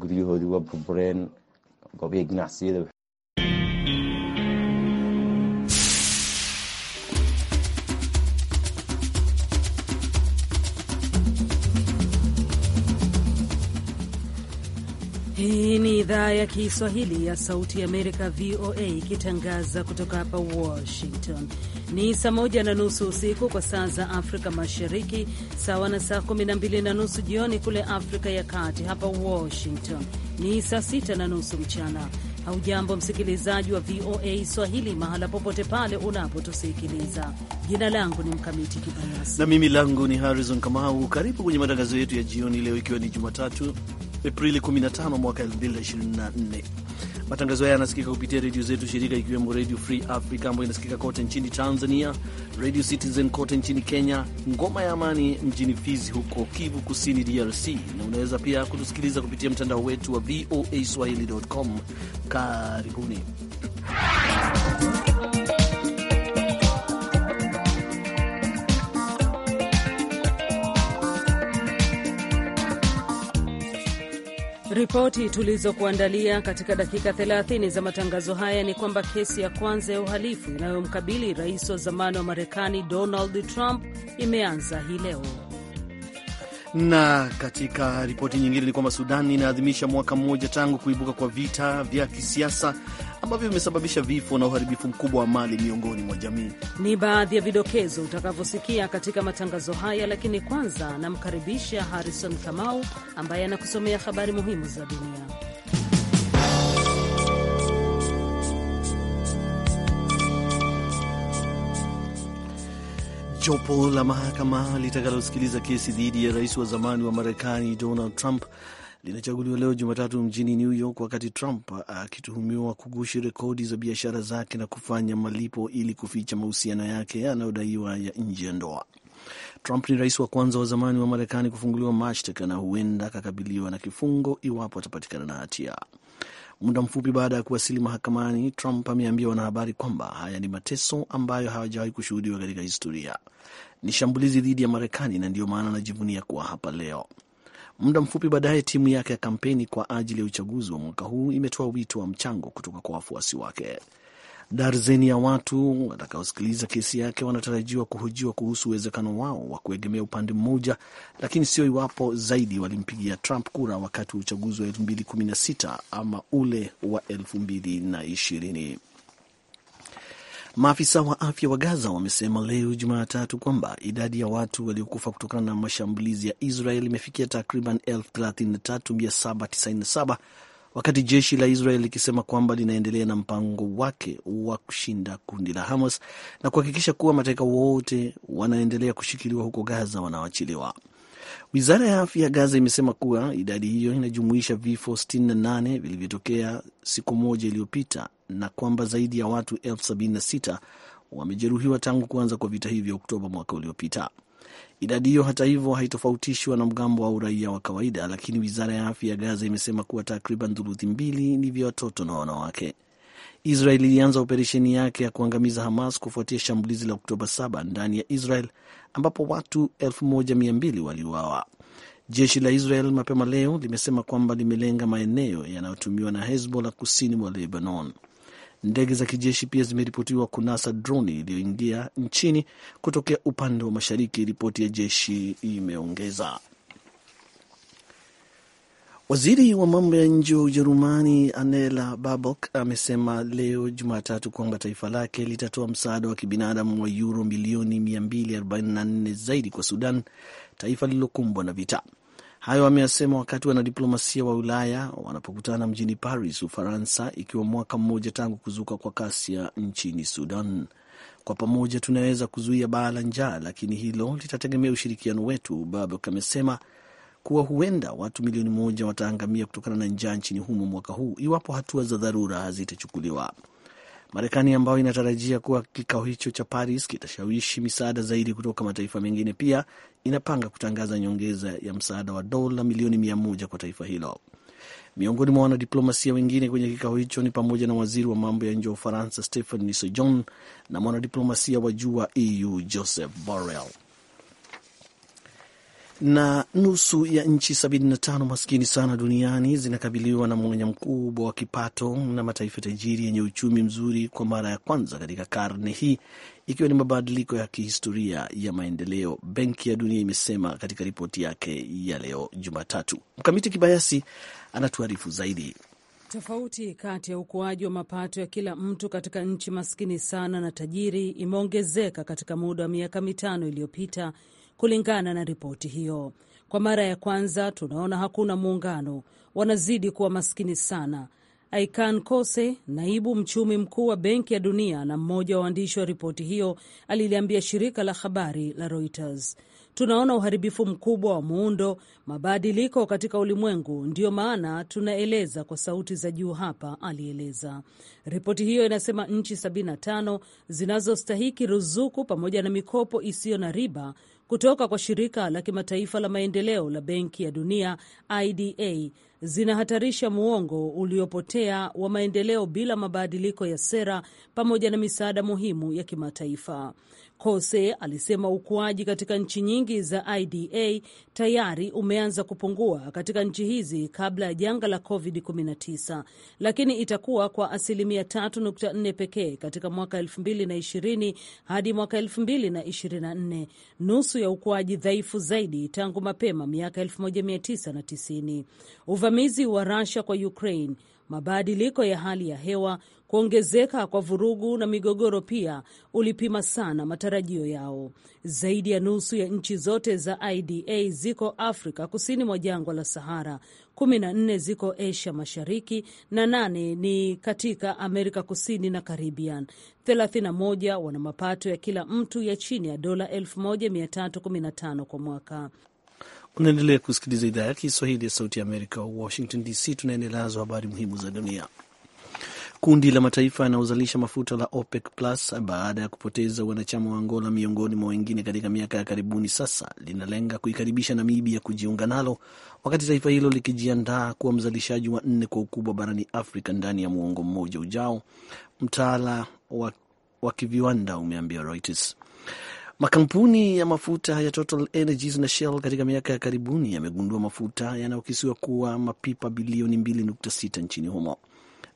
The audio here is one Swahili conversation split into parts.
guryahoodii waa burbureen goobihii ganacsiyada Hii ni idhaa ya Kiswahili ya Sauti ya Amerika, VOA, ikitangaza kutoka hapa Washington. Ni saa moja na nusu usiku kwa saa za Afrika Mashariki, sawa na saa kumi na mbili na nusu jioni kule Afrika ya Kati. Hapa Washington ni saa sita na nusu mchana. Haujambo msikilizaji wa VOA Swahili mahala popote pale unapotusikiliza. Jina langu ni Mkamiti Kibayasi na mimi langu ni Harrison Kamau. Karibu kwenye matangazo yetu ya jioni leo, ikiwa ni Jumatatu Aprili 15 mwaka 2024. Matangazo haya yanasikika kupitia redio zetu shirika ikiwemo Redio Free Africa ambayo inasikika kote nchini Tanzania, radio Citizen kote nchini Kenya, Ngoma ya Amani mjini Fizi huko Kivu Kusini, DRC, na unaweza pia kutusikiliza kupitia mtandao wetu wa voa swahili.com. Karibuni. Ripoti tulizokuandalia katika dakika 30 za matangazo haya ni kwamba kesi ya kwanza ya uhalifu inayomkabili rais wa zamani wa Marekani Donald Trump imeanza hii leo. Na katika ripoti nyingine ni kwamba Sudan inaadhimisha mwaka mmoja tangu kuibuka kwa vita vya kisiasa ambavyo vimesababisha vifo na uharibifu mkubwa wa mali miongoni mwa jamii. Ni baadhi ya vidokezo utakavyosikia katika matangazo haya, lakini kwanza namkaribisha Harrison Kamau ambaye anakusomea habari muhimu za dunia. Jopo la mahakama litakalosikiliza kesi dhidi ya rais wa zamani wa Marekani Donald Trump linachaguliwa leo Jumatatu mjini New York, wakati Trump akituhumiwa kugushi rekodi za biashara zake na kufanya malipo ili kuficha mahusiano yake yanayodaiwa ya nje ya ndoa. Trump ni rais wa kwanza wa zamani wa Marekani kufunguliwa mashtaka na huenda akakabiliwa na kifungo iwapo atapatikana na hatia. Muda mfupi baada ya kuwasili mahakamani, Trump ameambia wanahabari kwamba haya ni mateso ambayo hawajawahi kushuhudiwa katika historia. Ni shambulizi dhidi ya Marekani na ndiyo maana anajivunia kuwa hapa leo. Muda mfupi baadaye, timu yake ya kampeni kwa ajili ya uchaguzi wa mwaka huu imetoa wito wa mchango kutoka kwa wafuasi wake. Darzeni ya watu watakaosikiliza kesi yake wanatarajiwa kuhojiwa kuhusu uwezekano wao wa kuegemea upande mmoja, lakini sio iwapo zaidi walimpigia Trump kura wakati wa uchaguzi wa 2016 ama ule wa 2020. Maafisa wa afya wa Gaza wamesema leo Jumatatu kwamba idadi ya watu waliokufa kutokana na mashambulizi ya Israel imefikia takriban 33797 wakati jeshi la Israel likisema kwamba linaendelea na mpango wake wa kushinda kundi la Hamas na kuhakikisha kuwa mateka wote wanaendelea kushikiliwa huko Gaza wanaoachiliwa. Wizara ya afya ya Gaza imesema kuwa idadi hiyo inajumuisha vifo 68 vilivyotokea siku moja iliyopita na kwamba zaidi ya watu 76 wamejeruhiwa tangu kuanza kwa vita hivyo Oktoba mwaka uliopita. Idadi hiyo hata hivyo haitofautishwa na mgambo wa uraia wa kawaida, lakini wizara ya afya ya Gaza imesema kuwa takriban thuluthi mbili ni vya watoto na wanawake. Israel ilianza operesheni yake ya kuangamiza Hamas kufuatia shambulizi la Oktoba 7 ndani ya Israel ambapo watu 1200 waliuawa. Jeshi la Israel mapema leo limesema kwamba limelenga maeneo yanayotumiwa na Hezbollah kusini mwa Lebanon. Ndege za kijeshi pia zimeripotiwa kunasa droni iliyoingia nchini kutokea upande wa mashariki, ripoti ya jeshi imeongeza. Waziri wa mambo ya nje wa Ujerumani anela babok amesema leo Jumatatu kwamba taifa lake litatoa msaada wa kibinadamu wa yuro milioni 244 zaidi kwa Sudan, taifa lililokumbwa na vita. Hayo ameyasema wakati wanadiplomasia wa Ulaya wanapokutana mjini Paris, Ufaransa, ikiwa mwaka mmoja tangu kuzuka kwa kasia nchini Sudan. Kwa pamoja tunaweza kuzuia baa la njaa, lakini hilo litategemea ushirikiano wetu. Babok amesema kuwa huenda watu milioni moja wataangamia kutokana na njaa nchini humo mwaka huu iwapo hatua za dharura hazitachukuliwa. Marekani ambayo inatarajia kuwa kikao hicho cha Paris kitashawishi misaada zaidi kutoka mataifa mengine, pia inapanga kutangaza nyongeza ya msaada wa dola milioni mia moja kwa taifa hilo. Miongoni mwa wanadiplomasia wengine kwenye kikao hicho ni pamoja na waziri wa mambo ya nje wa Ufaransa Stephen Nisejon na mwanadiplomasia wa juu wa EU Joseph Borrell na nusu ya nchi 75 maskini sana duniani zinakabiliwa na mwenye mkubwa wa kipato na mataifa tajiri yenye uchumi mzuri kwa mara ya kwanza katika karne hii, ikiwa ni mabadiliko ya kihistoria ya maendeleo, Benki ya Dunia imesema katika ripoti yake ya leo Jumatatu. Mkamiti Kibayasi anatuarifu zaidi. Tofauti kati ya ukuaji wa mapato ya kila mtu katika nchi maskini sana na tajiri imeongezeka katika muda wa miaka mitano iliyopita kulingana na ripoti hiyo. Kwa mara ya kwanza tunaona hakuna muungano, wanazidi kuwa maskini sana. Aikan Kose, naibu mchumi mkuu wa Benki ya Dunia na mmoja wa waandishi wa ripoti hiyo, aliliambia shirika la habari la Reuters, tunaona uharibifu mkubwa wa muundo, mabadiliko katika ulimwengu, ndiyo maana tunaeleza kwa sauti za juu hapa, alieleza. Ripoti hiyo inasema nchi 75 zinazostahiki ruzuku pamoja na mikopo isiyo na riba kutoka kwa shirika la kimataifa la maendeleo la Benki ya Dunia IDA zinahatarisha muongo uliopotea wa maendeleo bila mabadiliko ya sera pamoja na misaada muhimu ya kimataifa. Kose alisema ukuaji katika nchi nyingi za IDA tayari umeanza kupungua katika nchi hizi kabla ya janga la COVID-19, lakini itakuwa kwa asilimia 3.4 pekee katika mwaka 2020 hadi mwaka 2024, nusu ya ukuaji dhaifu zaidi tangu mapema miaka 1990. Uvamizi wa Russia kwa Ukraine mabadiliko ya hali ya hewa, kuongezeka kwa vurugu na migogoro pia ulipima sana matarajio yao. Zaidi ya nusu ya nchi zote za IDA ziko Afrika kusini mwa jangwa la Sahara, 14 ziko Asia Mashariki na nane ni katika Amerika Kusini na Caribbean. 31 wana mapato ya kila mtu ya chini ya dola 1315 kwa mwaka. Unaendelea kusikiliza idhaa ya Kiswahili ya Sauti ya Amerika, Washington DC. Tunaendelazwa habari muhimu za dunia. Kundi la mataifa yanayozalisha mafuta la OPEC Plus baada ya kupoteza wanachama wa Angola miongoni mwa wengine katika miaka ya karibuni, sasa linalenga kuikaribisha Namibia kujiunga nalo, wakati taifa hilo likijiandaa kuwa mzalishaji wa nne kwa ukubwa barani Afrika ndani ya muongo mmoja ujao, mtaala wa, wa kiviwanda umeambia Reuters. Makampuni ya mafuta ya Total Energies na Shell katika miaka ya karibuni yamegundua mafuta yanayokisiwa kuwa mapipa bilioni 2.6 nchini humo.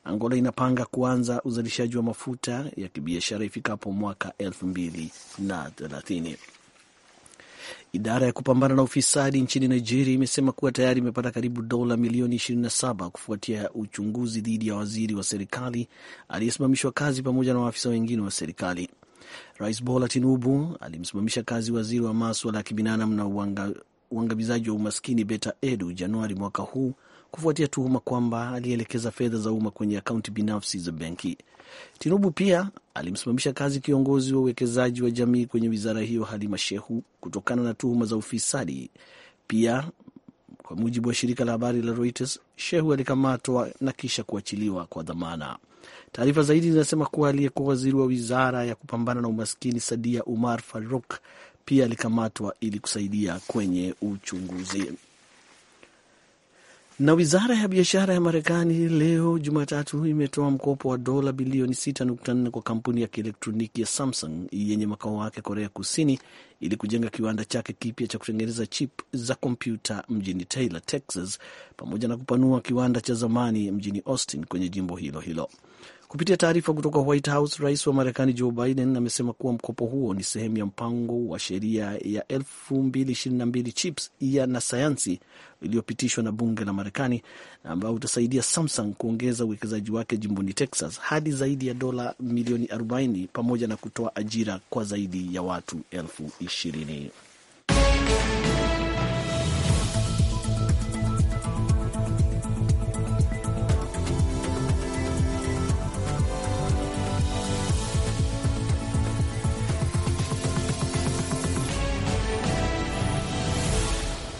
Angola inapanga kuanza uzalishaji wa mafuta ya kibiashara ifikapo mwaka 2030. Idara ya kupambana na ufisadi nchini Nigeria imesema kuwa tayari imepata karibu dola milioni 27 kufuatia uchunguzi dhidi ya waziri wa serikali aliyesimamishwa kazi pamoja na maafisa wengine wa serikali. Rais Bola Tinubu alimsimamisha kazi waziri wa maswala ya kibinadamu na uangamizaji wa umaskini Beta Edu Januari mwaka huu kufuatia tuhuma kwamba alielekeza fedha za umma kwenye akaunti binafsi za benki. Tinubu pia alimsimamisha kazi kiongozi wa uwekezaji wa jamii kwenye wizara hiyo Halima Shehu kutokana na tuhuma za ufisadi. Pia kwa mujibu wa shirika la habari la Reuters, Shehu alikamatwa na kisha kuachiliwa kwa dhamana. Taarifa zaidi zinasema kuwa aliyekuwa waziri wa wizara ya kupambana na umaskini Sadia Umar Faruk pia alikamatwa ili kusaidia kwenye uchunguzi. Na wizara ya biashara ya Marekani leo Jumatatu imetoa mkopo wa dola bilioni 6.4 kwa kampuni ya kielektroniki ya Samsung yenye makao wake Korea Kusini ili kujenga kiwanda chake kipya cha kutengeneza chip za kompyuta mjini Taylor, Texas, pamoja na kupanua kiwanda cha zamani mjini Austin kwenye jimbo hilo hilo. Kupitia taarifa kutoka White House, rais wa Marekani Joe Biden amesema kuwa mkopo huo ni sehemu ya mpango wa sheria ya 2022 chips ya na sayansi iliyopitishwa na bunge la Marekani, ambao utasaidia Samsung kuongeza uwekezaji wake jimboni Texas hadi zaidi ya dola milioni 40 pamoja na kutoa ajira kwa zaidi ya watu elfu ishirini.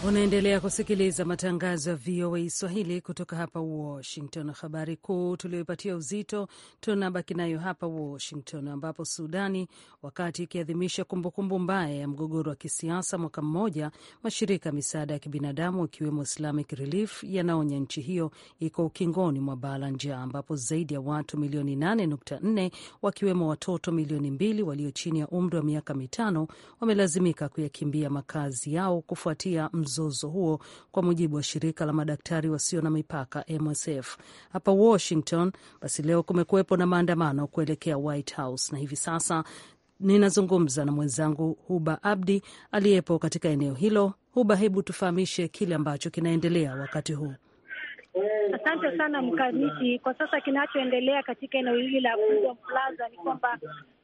Unaendelea kusikiliza matangazo ya VOA Swahili kutoka hapa Washington. Habari kuu tuliyoipatia uzito tunabaki nayo hapa Washington, ambapo Sudani, wakati ikiadhimisha kumbukumbu mbaya ya mgogoro wa kisiasa mwaka mmoja, mashirika ya misaada ya kibinadamu ikiwemo Islamic Relief yanaonya nchi hiyo iko ukingoni mwa bala njaa, ambapo zaidi ya watu milioni 8.4 wakiwemo watoto milioni mbili walio chini ya umri wa miaka mitano wamelazimika kuyakimbia makazi yao kufuatia mzo mzozo huo, kwa mujibu wa shirika la madaktari wasio na mipaka MSF. Hapa Washington basi leo kumekuwepo na maandamano kuelekea White House, na hivi sasa ninazungumza na mwenzangu Huba Abdi aliyepo katika eneo hilo. Huba, hebu tufahamishe kile ambacho kinaendelea wakati huu. Asante sana Mkamiti. Kwa sasa kinachoendelea katika eneo hili la Freedom Plaza ni kwamba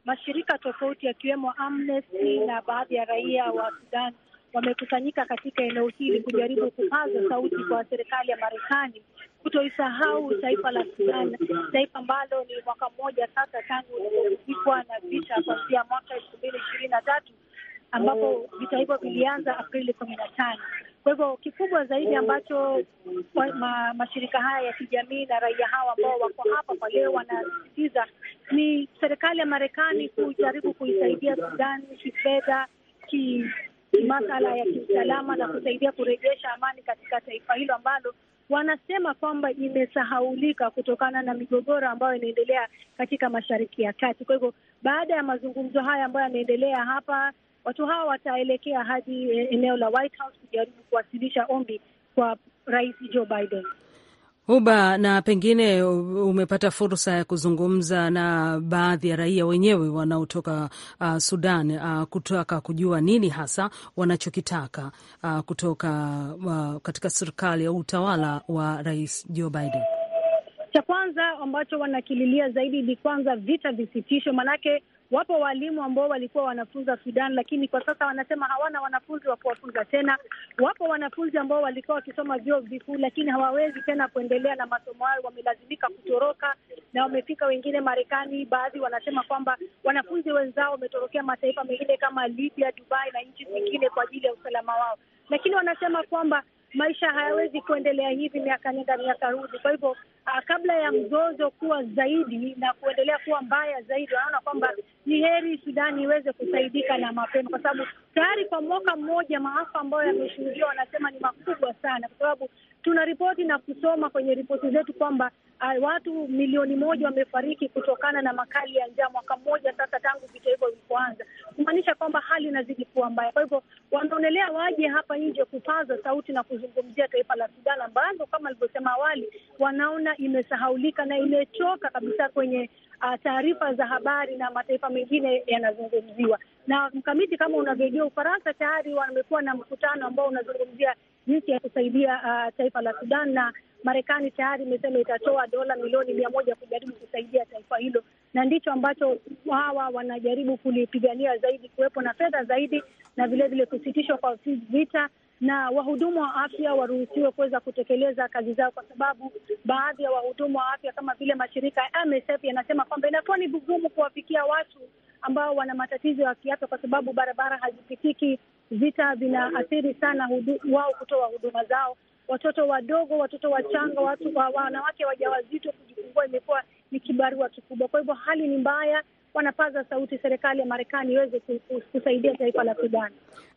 mashirika tofauti yakiwemo Amnesty na baadhi ya raia wa Sudan wamekusanyika katika eneo hili kujaribu kupaza sauti kwa serikali ya Marekani kutoisahau taifa la Sudan, taifa ambalo ni mwaka mmoja sasa tangu ilipopigwa na vita kuanzia mwaka elfu mbili ishirini na tatu ambapo vita hivyo vilianza Aprili kumi na tano. Kwa hivyo kikubwa zaidi ambacho ma, mashirika haya ya kijamii na raia hawa ambao wako hapa kwa leo wanasisitiza ni serikali ya Marekani kujaribu kuisaidia Sudan kifedha ki masala ya kiusalama na kusaidia kurejesha amani katika taifa hilo ambalo wanasema kwamba imesahaulika kutokana na migogoro ambayo inaendelea katika Mashariki ya Kati. Kwa hivyo baada ya mazungumzo haya ambayo yanaendelea hapa, watu hawa wataelekea hadi eh, eneo la White House kujaribu kuwasilisha ombi kwa Rais Joe Biden. Huba, na pengine umepata fursa ya kuzungumza na baadhi ya raia wenyewe wanaotoka uh, Sudan uh, kutaka kujua nini hasa wanachokitaka uh, kutoka uh, katika serikali au utawala wa Rais Joe Biden. Cha kwanza ambacho wanakililia zaidi ni kwanza vita visitishwe, maanake Wapo walimu ambao walikuwa wanafunza Sudan, lakini kwa sasa wanasema hawana wanafunzi wa kuwafunza tena. Wapo wanafunzi ambao walikuwa wakisoma vyuo vikuu, lakini hawawezi tena kuendelea na masomo hayo, wamelazimika kutoroka na wamefika wengine Marekani. Baadhi wanasema kwamba wanafunzi wenzao wametorokea mataifa mengine kama Libya, Dubai na nchi zingine kwa ajili ya usalama wao, lakini wanasema kwamba maisha hayawezi kuendelea hivi miaka nenda miaka rudi. Kwa hivyo ah, kabla ya mzozo kuwa zaidi na kuendelea kuwa mbaya zaidi, wanaona kwamba ni heri Sudani iweze kusaidika na mapema, kwa sababu tayari kwa mwaka mmoja, maafa ambayo yameshuhudiwa wanasema ni makubwa sana, kwa sababu tuna ripoti na kusoma kwenye ripoti zetu kwamba uh, watu milioni moja wamefariki kutokana na makali ya njaa mwaka mmoja sasa tangu vita hivyo vilipoanza, kumaanisha kwamba hali inazidi kuwa mbaya. Kwa hivyo wanaonelea waje hapa nje kupaza sauti na kuzungumzia taifa la Sudan ambazo kama alivyosema awali wanaona imesahaulika na imechoka kabisa kwenye uh, taarifa za habari na mataifa mengine yanazungumziwa na mkamiti, kama unavyojua, Ufaransa tayari wamekuwa na mkutano ambao unazungumzia jinsi ya kusaidia uh, taifa la Sudan na Marekani tayari imesema itatoa dola milioni mia moja kujaribu kusaidia taifa hilo, na ndicho ambacho hawa wanajaribu kulipigania zaidi, kuwepo na fedha zaidi na vilevile kusitishwa kwa vita na wahudumu wa afya waruhusiwe kuweza kutekeleza kazi zao, kwa sababu baadhi ya wahudumu wa afya kama vile mashirika ya MSF yanasema kwamba inakuwa ni vigumu kuwafikia watu ambao wana matatizo ya kiafya, kwa sababu barabara hazipitiki. Vita vinaathiri sana hudu, wao kutoa huduma zao. Watoto wadogo, watoto wachanga, watu wanawake wajawazito, kujifungua imekuwa ni kibarua kikubwa. Kwa hivyo hali ni mbaya, wanapaza sauti, serikali ya Marekani iweze kusaidia taifa la Sudan.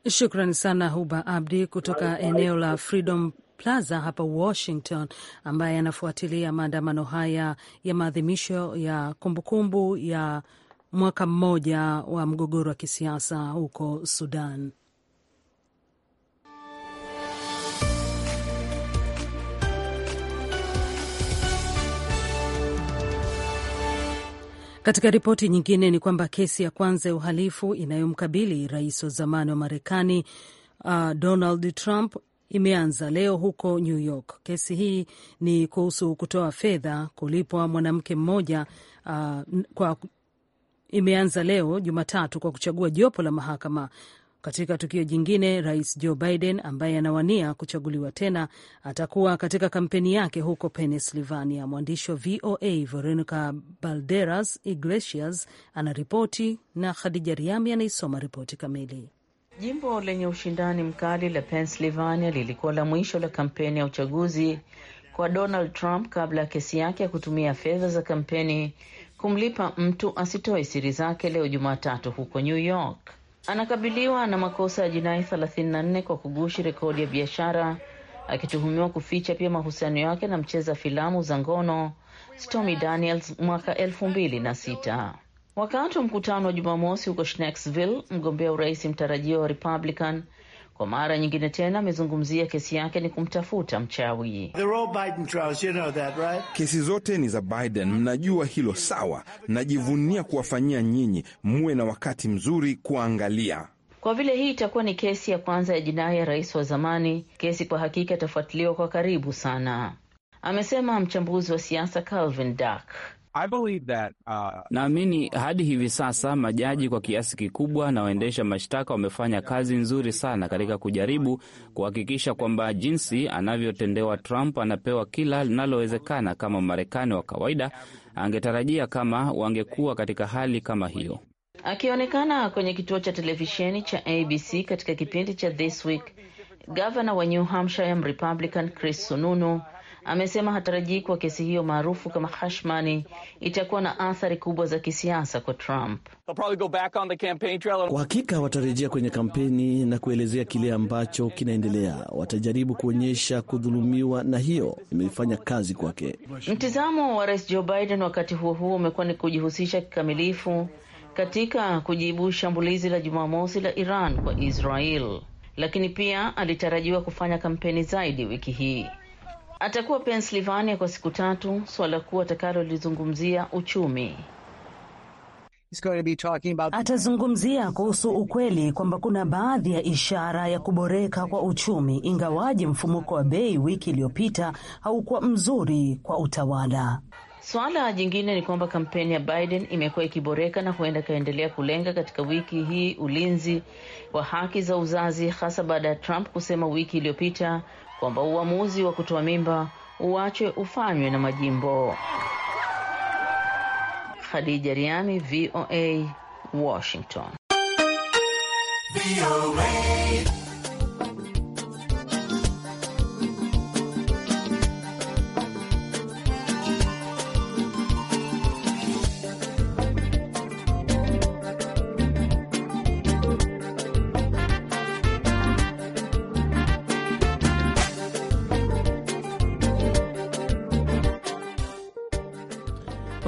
shukran sana Huba Abdi kutoka eneo la Freedom Plaza hapa Washington, ambaye anafuatilia maandamano haya ya maadhimisho ya kumbukumbu ya mwaka mmoja wa mgogoro wa kisiasa huko Sudan. Katika ripoti nyingine ni kwamba kesi ya kwanza ya uhalifu inayomkabili rais wa zamani wa Marekani uh, Donald Trump imeanza leo huko New York. Kesi hii ni kuhusu kutoa fedha kulipwa mwanamke mmoja uh, kwa imeanza leo Jumatatu kwa kuchagua jopo la mahakama katika tukio jingine, rais Joe Biden ambaye anawania kuchaguliwa tena atakuwa katika kampeni yake huko Pennsylvania. Mwandishi wa VOA Veronica Balderas Iglesias anaripoti na Khadija Riami anaisoma ripoti kamili. Jimbo lenye ushindani mkali la Pennsylvania lilikuwa la mwisho la kampeni ya uchaguzi kwa Donald Trump kabla ya kesi yake ya kutumia fedha za kampeni kumlipa mtu asitoe siri zake leo Jumatatu huko New York anakabiliwa na makosa ya jinai 34 kwa kugushi rekodi ya biashara, akituhumiwa kuficha pia mahusiano yake na mcheza filamu za ngono Stormy Daniels mwaka 2006. Wakati wa mkutano wa Jumamosi huko Schnecksville, mgombea urais mtarajiwa wa Republican kwa mara nyingine tena amezungumzia kesi yake ni kumtafuta mchawi. Trials, you know that, right? Kesi zote ni za Biden, mnajua hilo sawa. Najivunia kuwafanyia nyinyi, muwe na wakati mzuri kuangalia. Kwa vile hii itakuwa ni kesi ya kwanza ya jinai ya rais wa zamani, kesi kwa hakika itafuatiliwa kwa karibu sana, amesema mchambuzi wa siasa Calvin Dark uh... naamini hadi hivi sasa majaji kwa kiasi kikubwa na waendesha mashtaka wamefanya kazi nzuri sana katika kujaribu kuhakikisha kwamba jinsi anavyotendewa Trump anapewa kila linalowezekana kama Marekani wa kawaida angetarajia kama wangekuwa katika hali kama hiyo. Akionekana kwenye kituo cha televisheni cha ABC katika kipindi cha This Week, gavana wa New Hampshire Chris Sununu amesema hatarajii kuwa kesi hiyo maarufu kama Hashmani itakuwa na athari kubwa za kisiasa kwa Trump. Kwa hakika watarejea kwenye kampeni na kuelezea kile ambacho kinaendelea. Watajaribu kuonyesha kudhulumiwa, na hiyo imeifanya kazi kwake. Mtizamo wa rais Joe Biden wakati huo huo umekuwa ni kujihusisha kikamilifu katika kujibu shambulizi la Jumamosi la Iran kwa Israel, lakini pia alitarajiwa kufanya kampeni zaidi wiki hii. Atakuwa Pennsylvania kwa siku tatu, suala kuu atakalolizungumzia uchumi. About... atazungumzia kuhusu ukweli kwamba kuna baadhi ya ishara ya kuboreka kwa uchumi, ingawaje mfumuko wa bei wiki iliyopita haukuwa mzuri kwa utawala. Suala jingine ni kwamba kampeni ya Biden imekuwa ikiboreka na huenda ikaendelea kulenga katika wiki hii ulinzi wa haki za uzazi, hasa baada ya Trump kusema wiki iliyopita kwamba uamuzi wa kutoa mimba uachwe ufanywe na majimbo. Khadija Riami, VOA, Washington.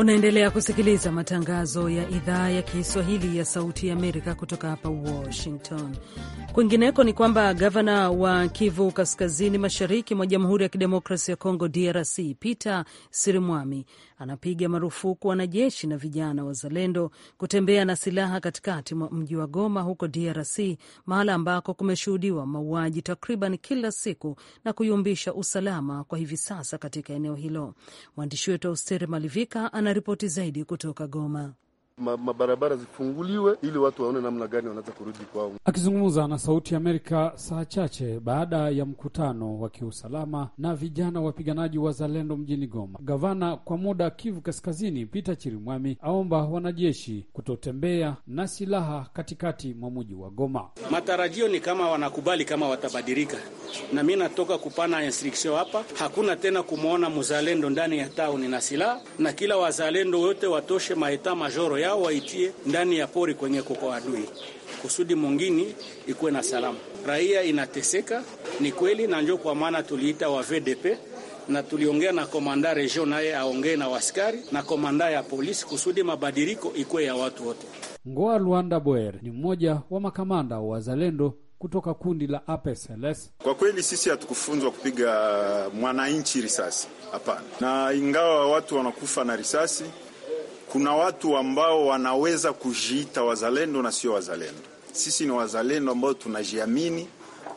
Unaendelea kusikiliza matangazo ya idhaa ya Kiswahili ya Sauti ya Amerika kutoka hapa Washington. Kwingineko ni kwamba gavana wa Kivu Kaskazini, mashariki mwa Jamhuri ya Kidemokrasi ya Kongo, DRC, Peter Sirimwami anapiga marufuku wanajeshi na vijana wazalendo kutembea na silaha katikati mwa mji wa Goma huko DRC, mahala ambako kumeshuhudiwa mauaji takriban kila siku na kuyumbisha usalama kwa hivi sasa katika eneo hilo. Mwandishi wetu Austeri Malivika anaripoti zaidi kutoka Goma mabarabara zifunguliwe ili watu waone namna gani wanaweza kurudi kwao. Akizungumza na Sauti ya Amerika saa chache baada ya mkutano wa kiusalama na vijana wapiganaji wa Zalendo mjini Goma, gavana kwa muda Kivu Kaskazini Peter Chirimwami aomba wanajeshi kutotembea na silaha katikati mwa muji wa Goma. Matarajio ni kama wanakubali kama watabadilika, na mi natoka kupana instruction hapa, hakuna tena kumwona mzalendo ndani ya tauni na silaha, na kila wazalendo wote watoshe maeta majoro ya yao waitie ndani ya pori kwenye kuko adui, kusudi mwingine ikuwe na salama. Raia inateseka ni kweli, na njo kwa maana tuliita wa VDP na tuliongea na komanda region naye aongee na waskari na komanda ya polisi kusudi mabadiriko ikuwe ya watu wote. Ngoa Luanda Boer ni mmoja wa makamanda wa wazalendo kutoka kundi la APSLS. Kwa kweli sisi hatukufunzwa kupiga mwananchi risasi, hapana. Na ingawa watu wanakufa na risasi kuna watu ambao wanaweza kujiita wazalendo na sio wazalendo. Sisi ni wazalendo ambao tunajiamini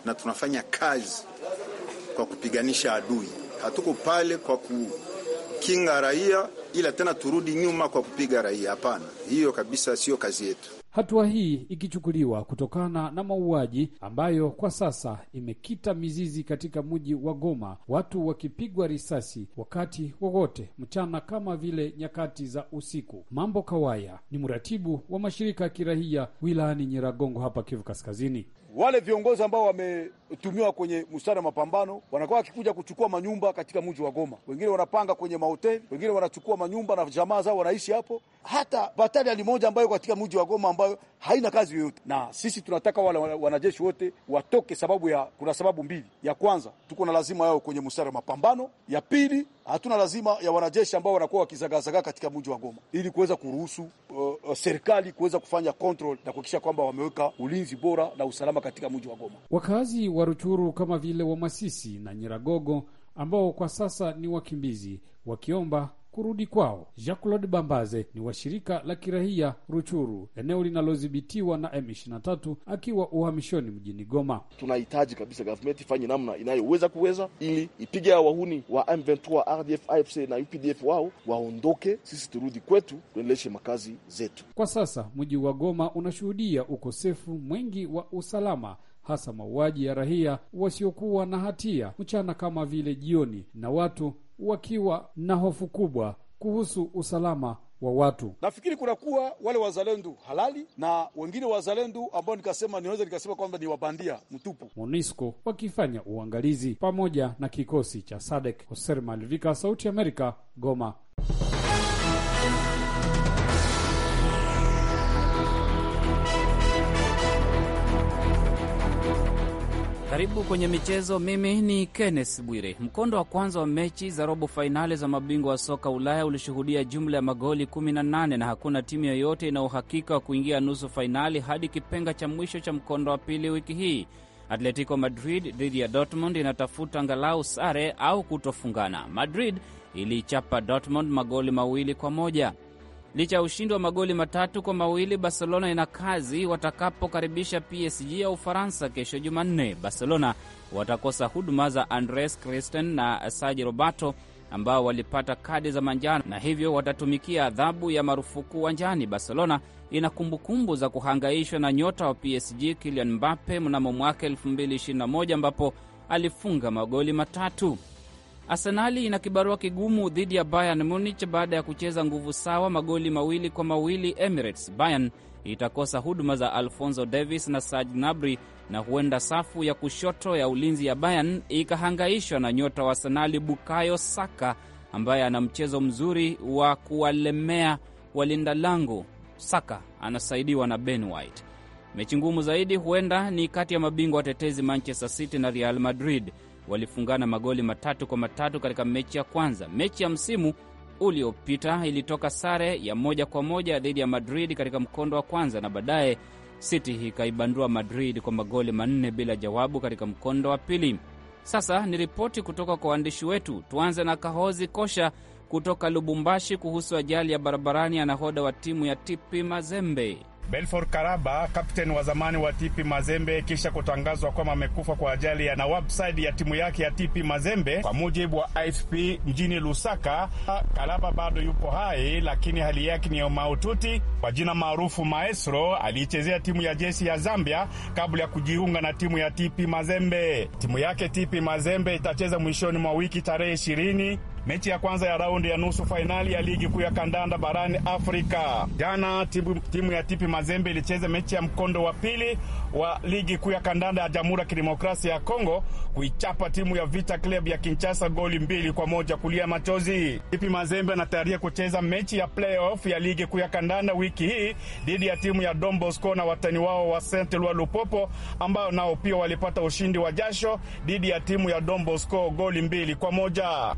na tunafanya kazi kwa kupiganisha adui. Hatuko pale kwa kukinga raia, ila tena turudi nyuma kwa kupiga raia. Hapana, hiyo kabisa sio kazi yetu hatua hii ikichukuliwa kutokana na mauaji ambayo kwa sasa imekita mizizi katika mji wa Goma, watu wakipigwa risasi wakati wowote mchana kama vile nyakati za usiku. Mambo Kawaya ni mratibu wa mashirika ya kirahia wilayani Nyiragongo hapa Kivu Kaskazini wale viongozi ambao wametumiwa kwenye mstari wa mapambano wanakuwa wakikuja kuchukua manyumba katika mji wa Goma. Wengine wanapanga kwenye mahoteli, wengine wanachukua manyumba na jamaa zao wanaishi hapo. Hata bataliani moja ambayo katika mji wa Goma ambayo haina kazi yoyote. Na sisi tunataka wale wanajeshi wote watoke, sababu ya kuna sababu mbili. Ya kwanza tuko na lazima yao kwenye mstari wa mapambano, ya pili hatuna lazima ya wanajeshi ambao wanakuwa wakizagazaga katika mji wa Goma ili kuweza kuruhusu uh, Uh, serikali kuweza kufanya control na kuhakikisha kwamba wameweka ulinzi bora na usalama katika mji wa Goma. Wakazi wa Ruchuru kama vile wa Masisi na Nyiragogo ambao kwa sasa ni wakimbizi wakiomba kurudi kwao. Jean Claude Bambaze ni wa shirika la kirahia Ruchuru, eneo linalodhibitiwa na M23, akiwa uhamishoni mjini Goma. Tunahitaji kabisa government ifanye namna inayoweza kuweza ili ipige hao wahuni wa M23, RDF, AFC na UPDF, wao waondoke, sisi turudi kwetu, tuendeleshe makazi zetu. Kwa sasa mji wa Goma unashuhudia ukosefu mwingi wa usalama hasa mauaji ya rahia wasiokuwa na hatia mchana kama vile jioni, na watu wakiwa na hofu kubwa kuhusu usalama wa watu. Nafikiri kunakuwa wale wazalendu halali na wengine wazalendu ambao nikasema niweza nikasema kwamba ni wabandia mtupu. MONUSCO wakifanya uangalizi pamoja na kikosi cha SADC. Hoser Malvika, Sauti Amerika, Goma. Karibu kwenye michezo. Mimi ni Kenneth Bwire. Mkondo wa kwanza wa mechi za robo fainali za mabingwa wa soka Ulaya ulishuhudia jumla ya magoli 18 na hakuna timu yoyote ina uhakika wa kuingia nusu fainali hadi kipenga cha mwisho cha mkondo wa pili wiki hii. Atletico Madrid dhidi ya Dortmund inatafuta angalau sare au kutofungana. Madrid iliichapa Dortmund magoli mawili kwa moja. Licha ya ushindi wa magoli matatu kwa mawili, Barcelona ina kazi watakapokaribisha PSG ya Ufaransa kesho Jumanne. Barcelona watakosa huduma za Andres Christen na Sergi Roberto ambao walipata kadi za manjano na hivyo watatumikia adhabu ya marufuku uwanjani. Barcelona ina kumbukumbu za kuhangaishwa na nyota wa PSG Kylian Mbappe mnamo mwaka 2021 ambapo alifunga magoli matatu. Arsenali ina kibarua kigumu dhidi ya Bayern Munich baada ya kucheza nguvu sawa magoli mawili kwa mawili Emirates. Bayern itakosa huduma za Alfonso Davis na Serge Gnabry, na huenda safu ya kushoto ya ulinzi ya Bayern ikahangaishwa na nyota wa Arsenali Bukayo Saka ambaye ana mchezo mzuri wa kuwalemea walinda lango. Saka anasaidiwa na Ben White. Mechi ngumu zaidi huenda ni kati ya mabingwa watetezi Manchester City na Real Madrid walifungana magoli matatu kwa matatu katika mechi ya kwanza. Mechi ya msimu uliopita ilitoka sare ya moja kwa moja dhidi ya Madrid katika mkondo wa kwanza, na baadaye City ikaibandua Madrid kwa magoli manne bila jawabu katika mkondo wa pili. Sasa ni ripoti kutoka kwa waandishi wetu. Tuanze na Kahozi Kosha kutoka Lubumbashi kuhusu ajali ya barabarani ya nahoda wa timu ya TP Mazembe. Belfort Karaba, kapteni wa zamani wa TP Mazembe, kisha kutangazwa kwamba amekufa kwa ajali ya na website ya timu yake ya TP Mazembe. Kwa mujibu wa IFP mjini Lusaka, Karaba bado yupo hai, lakini hali yake ni ya mahututi. Kwa jina maarufu Maestro, aliichezea timu ya jeshi ya Zambia kabla ya kujiunga na timu ya TP Mazembe. Timu yake TP Mazembe itacheza mwishoni mwa wiki tarehe ishirini mechi ya kwanza ya raundi ya nusu fainali ya ligi kuu ya kandanda barani Afrika. Jana timu, timu ya Tipi Mazembe ilicheza mechi ya mkondo wa pili wa ligi kuu ya kandanda ya Jamhuri ya Kidemokrasia ya Kongo kuichapa timu ya Vita Club ya Kinshasa goli mbili kwa moja kulia machozi. Tipi Mazembe anatayaria kucheza mechi ya playoff ya ligi kuu ya kandanda wiki hii dhidi ya timu ya Don Bosco na watani wao wa Saint Eloi Lupopo ambao nao pia walipata ushindi wa jasho dhidi ya timu ya Don Bosco goli mbili kwa moja.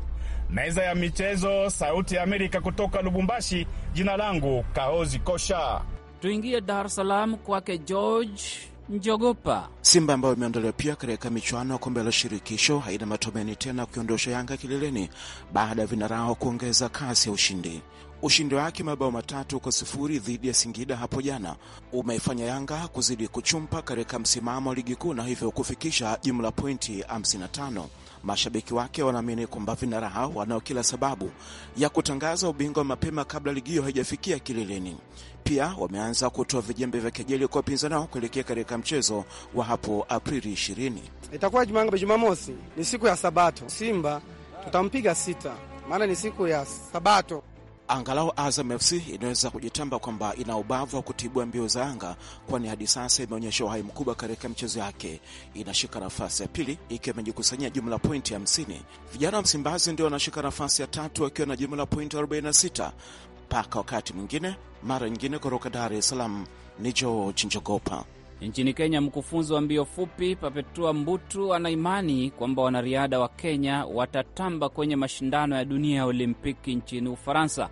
Meza ya michezo, Sauti ya Amerika kutoka Lubumbashi. Jina langu Kahozi Kosha. Tuingie Dar es Salaam kwake George Njogopa. Simba ambayo imeondolewa pia katika michuano ya kombe la shirikisho haina matumaini tena kuiondosha Yanga kileleni baada ya vinarao kuongeza kasi ya ushindi. Ushindi wake mabao matatu kwa sifuri dhidi ya Singida hapo jana umeifanya Yanga kuzidi kuchumpa katika msimamo wa ligi kuu na hivyo kufikisha jumla pointi 55. Mashabiki wake wanaamini kwamba vinara hao wanao kila sababu ya kutangaza ubingwa mapema kabla ligi hiyo haijafikia kileleni. Pia wameanza kutoa vijembe vya kejeli kwa wapinzani wao kuelekea katika mchezo wa hapo Aprili 20. Itakuwa Jumamosi, ni siku ya Sabato. Simba tutampiga sita, maana ni siku ya Sabato. Angalau Azam FC inaweza kujitamba kwamba ina ubavu wa kutibua mbio za anga, kwani hadi sasa imeonyesha uhai mkubwa katika mchezo yake. Inashika nafasi ya pili ikiwa imejikusanyia jumla pointi 50. Vijana wa Msimbazi ndio wanashika nafasi ya tatu wakiwa na jumla pointi 46. Mpaka wakati mwingine, mara nyingine, kutoka Dar es Salaam ni George Njogopa. Nchini Kenya, mkufunzi wa mbio fupi Papetua Mbutu ana imani kwamba wanariadha wa Kenya watatamba kwenye mashindano ya dunia ya Olimpiki nchini Ufaransa.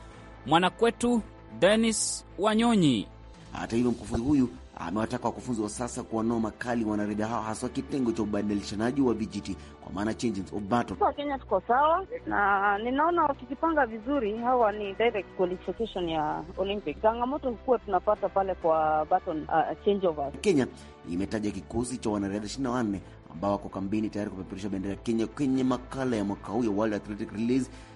Mwanakwetu Denis Wanyonyi. Hata hivyo, mkufunzi huyu amewataka wakufunzi wa sasa kuwanoa makali wanariadha hao haswa kitengo cha ubadilishanaji wa vijiti kwa maana changes of battle. Kwa Kenya tuko sawa na ninaona wakijipanga vizuri, hawa ni direct qualification ya Olympic. Changamoto hukuwa tunapata pale kwa baton, uh, change Kenya imetaja kikosi cha wanariadha ishirini na wanne ambao wako kambini tayari kupeperusha bendera ya Kenya kwenye makala ya mwaka huu ya World Athletic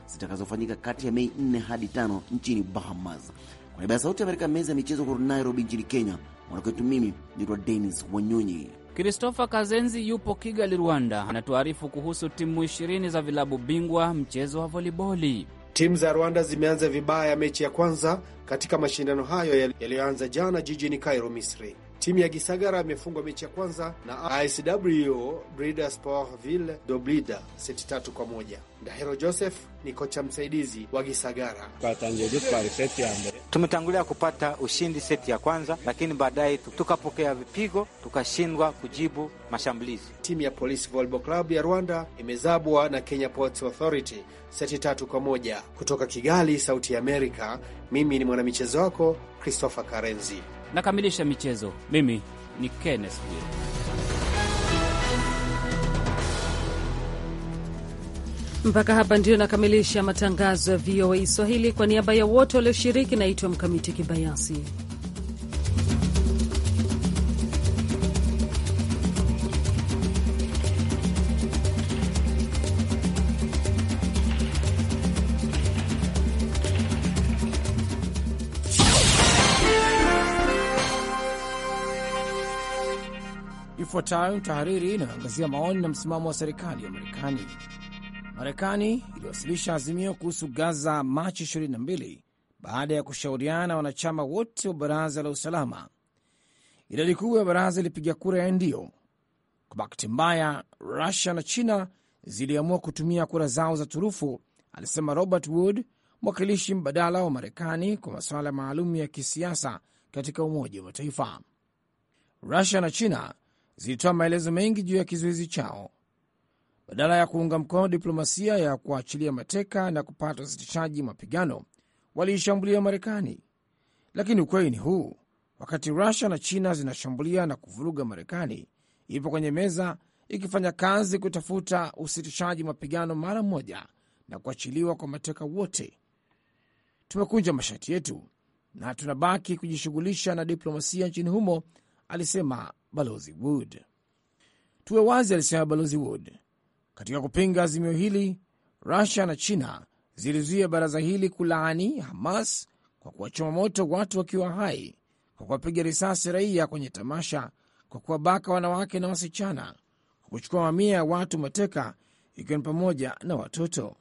zitakazofanyika kati ya Mei 4 hadi 5 nchini Bahamas. Kwa niaba ya Sauti ya Amerika, meza ya michezo kutoka Nairobi nchini Kenya, mwanakwetu mimi naitwa Denis Wanyonyi. Christopher Kazenzi yupo Kigali, Rwanda, anatuarifu kuhusu timu ishirini za vilabu bingwa mchezo wa voliboli. Timu za Rwanda zimeanza vibaya mechi ya kwanza katika mashindano hayo yaliyoanza jana jijini Cairo, Misri. Timu ya Gisagara imefungwa mechi ya kwanza na ASW Brida Doblida seti tatu kwa moja. Ndahero Joseph ni kocha msaidizi wa Gisagara. Tumetangulia kupata ushindi seti ya kwanza, lakini baadaye tukapokea vipigo tukashindwa kujibu mashambulizi. Timu ya Polisi Volleyball Club ya Rwanda imezabwa na Kenya Ports Authority seti tatu kwa moja. Kutoka Kigali, Sauti ya Amerika, mimi ni mwanamichezo wako Christopher Karenzi nakamilisha michezo. Mimi ni Kenneth Bwire. Mpaka hapa ndio nakamilisha matangazo ya VOA Swahili. Kwa niaba ya wote walioshiriki, naitwa Mkamiti Kibayasi. Ifuatayo tahariri inayoangazia maoni na msimamo wa serikali ya Marekani. Marekani iliwasilisha azimio kuhusu Gaza Machi 22 baada ya kushauriana na wanachama wote wa baraza la usalama. Idadi kubwa ya baraza ilipiga kura ya ndio. Kwa bahati mbaya, Rusia na China ziliamua kutumia kura zao za turufu, alisema Robert Wood, mwakilishi mbadala wa Marekani kwa masuala maalum ya kisiasa katika Umoja wa Mataifa. Rusia na China zilitoa maelezo mengi juu ya kizuizi chao. Badala ya kuunga mkono diplomasia ya kuachilia mateka na kupata usitishaji mapigano, waliishambulia Marekani. Lakini ukweli ni huu, wakati Rusia na China zinashambulia na kuvuruga, Marekani ipo kwenye meza ikifanya kazi kutafuta usitishaji mapigano mara moja na kuachiliwa kwa mateka wote. Tumekunja mashati yetu na tunabaki kujishughulisha na diplomasia nchini humo, alisema Balozi Wood. Tuwe wazi, alisema Balozi Wood, katika kupinga azimio hili, Rusia na China zilizuia baraza hili kulaani Hamas kwa kuwachoma moto watu wakiwa hai, kwa kuwapiga risasi raia kwenye tamasha, kwa kuwabaka wanawake na wasichana, kwa kuchukua mamia ya watu mateka, ikiwa ni pamoja na watoto.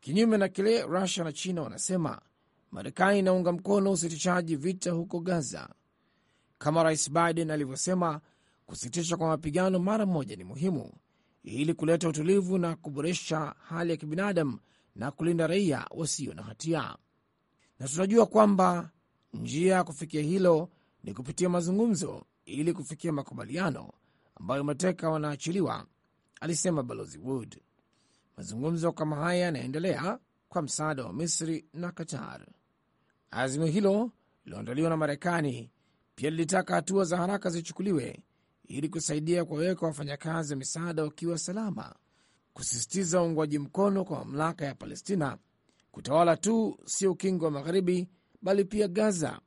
Kinyume na kile Rusia na China wanasema, Marekani inaunga mkono usitishaji vita huko Gaza kama Rais Biden alivyosema, kusitisha kwa mapigano mara moja ni muhimu ili kuleta utulivu na kuboresha hali ya kibinadamu na kulinda raia wasio na hatia, na tunajua kwamba njia ya kufikia hilo ni kupitia mazungumzo ili kufikia makubaliano ambayo mateka wanaachiliwa, alisema Balozi Wood. Mazungumzo kama haya yanaendelea kwa msaada wa Misri na Qatar. Azimio hilo liloandaliwa na Marekani pia lilitaka hatua za haraka zichukuliwe ili kusaidia kuwaweka wafanyakazi wa misaada wakiwa salama, kusisitiza uungwaji mkono kwa mamlaka ya Palestina kutawala tu sio ukingo wa magharibi bali pia Gaza,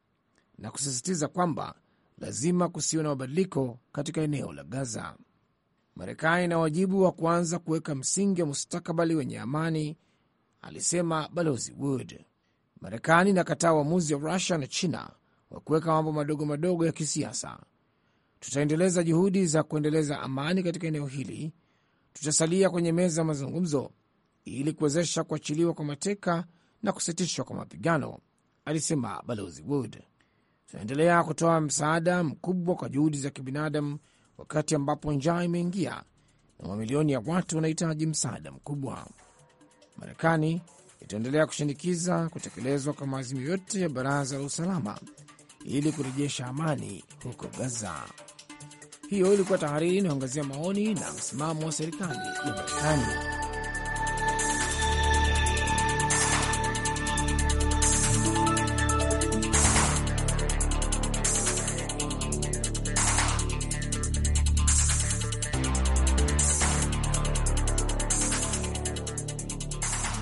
na kusisitiza kwamba lazima kusiwe na mabadiliko katika eneo la Gaza. Marekani ina wajibu wa kuanza kuweka msingi wa mustakabali wenye amani, alisema Balozi Wood. Marekani inakataa uamuzi wa Rusia na China wa kuweka mambo madogo madogo ya kisiasa. Tutaendeleza juhudi za kuendeleza amani katika eneo hili. Tutasalia kwenye meza ya mazungumzo ili kuwezesha kuachiliwa kwa mateka na kusitishwa kwa mapigano, alisema Balozi Wood. Tunaendelea kutoa msaada mkubwa kwa juhudi za kibinadamu wakati ambapo njaa imeingia na mamilioni ya watu wanahitaji msaada mkubwa. Marekani itaendelea kushinikiza kutekelezwa kwa maazimio yote ya Baraza la Usalama ili kurejesha amani huko Gaza. Hiyo ilikuwa tahariri inayoangazia maoni na msimamo wa serikali ya Marekani.